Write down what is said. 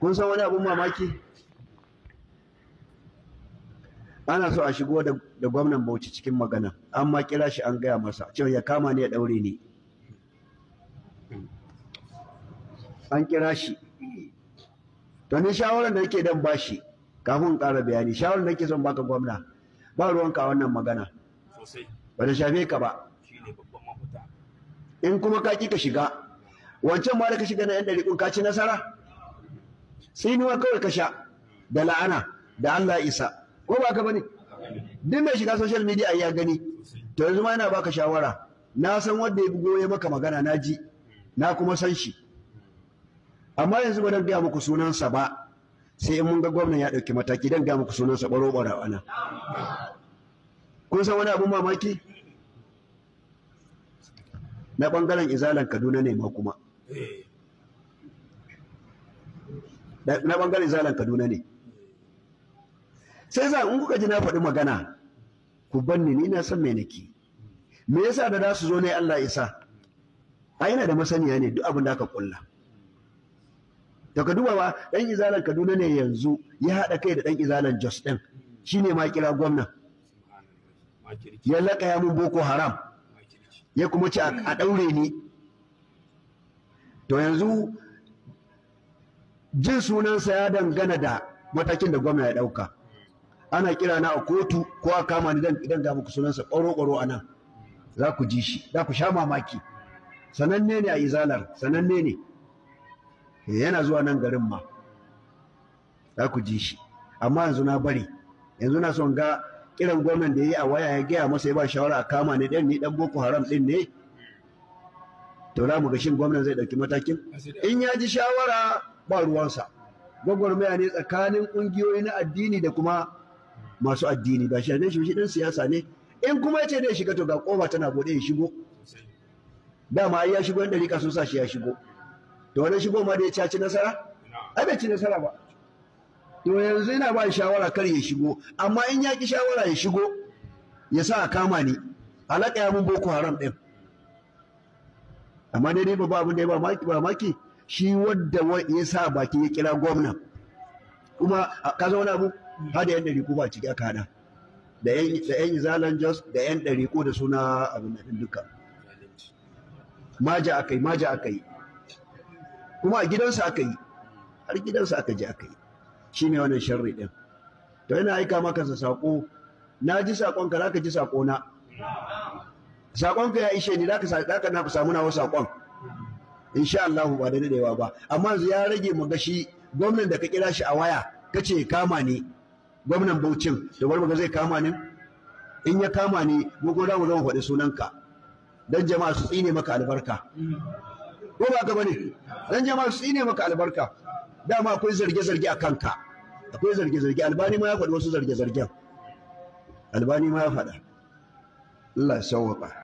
kun san wani abin mamaki ana so a shigo da gwamnan bauchi cikin magana an ma kira shi an gaya masa cewa ya kama ne ya daure ne an kira shi to ni shawaran da yake dan bashi kafin ƙara bayani shawaran da yake son baka gwamna ba ruwanka a wannan magana ba da shafe ka ba in kuma ka ƙi ka shiga wancan ma da ka shiga na yan ɗari ka ci nasara sai ni kawai ka sha da la'ana da Allah isa ko ba ka bane duk mai shiga social media ya gani to yanzu ma yana baka shawara na san wanda ya bugo ya maka magana na ji na kuma san shi amma yanzu ba dan gaya muku sunansa ba sai in mun ga gwamnan ya ɗauki mataki dan gaya muku sunansa baro bara ana kun san wani abun mamaki na bangaren izalan kaduna ne ma kuma eh. na bangare zalan kaduna ne sai za in kuka ji na faɗi magana ku banni ni na san me nake me yasa da za su zo ne Allah isa a yana da masaniya ne duk abin da aka kulla daga dubawa dan izalan kaduna ne yanzu ya haɗa kai da dan izalan jos ɗin shine ma kira gwamna ya laƙaya mun boko haram ya kuma ci a ɗaure ni to yanzu jin sunansa ya dangana da matakin da gwamna ya ɗauka ana kira na a kotu ko a kama ni idan ga muku sunansa ƙwaro-ƙwaro a nan za ku ji shi za ku sha mamaki sananne ne a izalar sananne ne eh, yana zuwa nan garin ma za ku ji shi amma yanzu na bari yanzu na son ga kiran gwamnan da ya yi a waya ya gaya masa ya ba shawara a kama ni ɗan ni ɗan boko haram ɗin ne to za mu ga shin gwamnan zai ɗauki matakin in ya ji shawara ba ruwansa gwagwarmaya ne tsakanin ƙungiyoyi na addini da kuma masu addini ba shi ne shi ɗin siyasa ne in kuma ya ce zai shiga to ga ƙofa tana buɗe ya shigo ba ma ya shigo yan ɗarika sun sa shi ya shigo to wani shigo ma da ya ci nasara A bai ci nasara ba to yanzu yana ba shawara kar ya shigo amma in ya ki shawara ya shigo ya sa a kama ni alaƙa ya mun boko haram ɗin amma dai ba abin da ya ba maki shi wadda ya sa baki ya kira gwamna kuma ka zauna abu da yan ɗari ba ciki aka hada da yan zalan jos da yan ɗari da suna abin da duka maja akai maja akai kuma a gidansa aka yi har gidansa aka ji aka yi shi ne wannan sharri ɗin to yana aika maka sa saƙo na ji saƙonka za ka ji saƙona saƙonka ya ishe ni za ka na samu nawa saƙon insha Allah ba da dadewa ba amma yanzu ya rage mu gashi gwamnan da ka kira shi a waya kace kama ni gwamnan Bauchin to bari mu ga zai kama ni in ya kama ni mu ko mu zama faɗi sunanka dan jama'a su tsine maka albarka ko ba ka bane dan jama'a su tsine maka albarka dama akwai zarge-zarge a kanka akwai zarge-zarge albani ma ya faɗi wasu zarge-zargen albani ma ya faɗa Allah ya sauwaka